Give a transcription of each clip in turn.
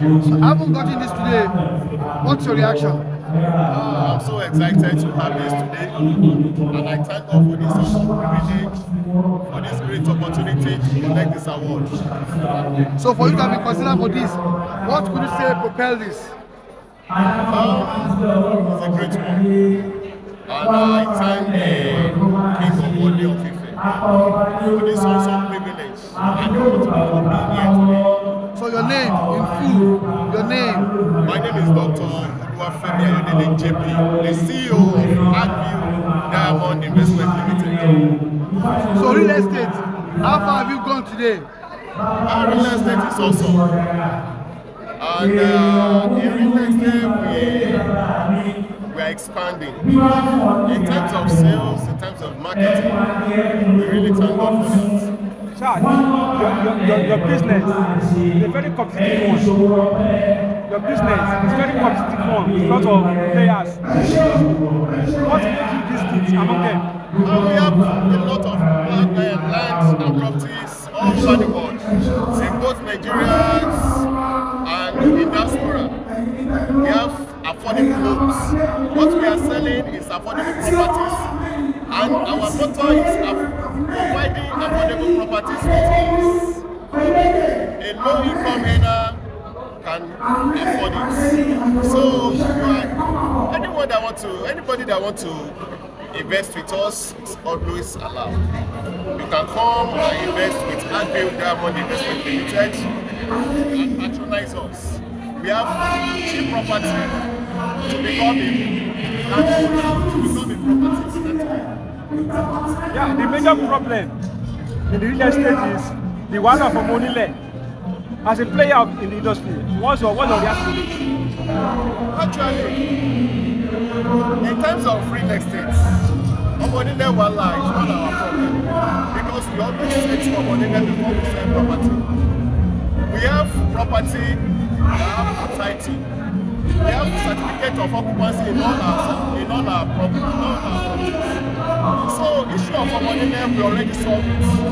So I haven't gotten this today. What's your reaction? Uh, I'm so excited to have this today, and I thank God for this opportunity, for this great opportunity to collect this award. So, for you to be considered for this, what could you say propel this? Um, it's a great one, and I thank the King of Wode of Ife for this awesome privilege and the opportunity to be here today. So your name in full, your name. My name is Dr. Oluwafemi Ayodele JP, the CEO of Agview Diamond Investment Limited. So real estate, how far have you gone today? Our uh, real estate is awesome. And uh, in real estate, we we are expanding. In terms of sales, in terms of marketing, we really thank God for that charge, your, your, your, your business is a very competitive one. Your business is very competitive one with lot of players. What makes you distinct among them? Uh, we have a lot of land, uh, land and properties all over the world, in both Nigerians and in diaspora. We have affordable homes. What we are selling is affordable properties, and our motto is statistics. A low income earner can afford it. So are, anyone that want to, anybody that want to invest with us is always allowed. You can come and invest with Agri Diamond Investment Limited and patronize us. We have cheap property to become a, to become a property. Yeah, the major problem in the real estate is the one of Omonile. As a player in the industry, what's your, what's your reaction Actually, in terms of real estate, Omonile Wala is not our problem because we always search for Omonile before we sell property. We have property, we have society, we have certificate of occupancy in all our, in all our, in all our properties. So, issue of Omonile, we already solved it.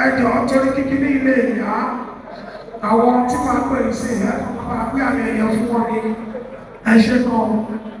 ẹjọ torí kíkiri ilé ìyá àwọn tí màá pè é sí ìyá tó máa pè àmì ẹ̀yẹ fún wọn ni ẹ ṣe náà.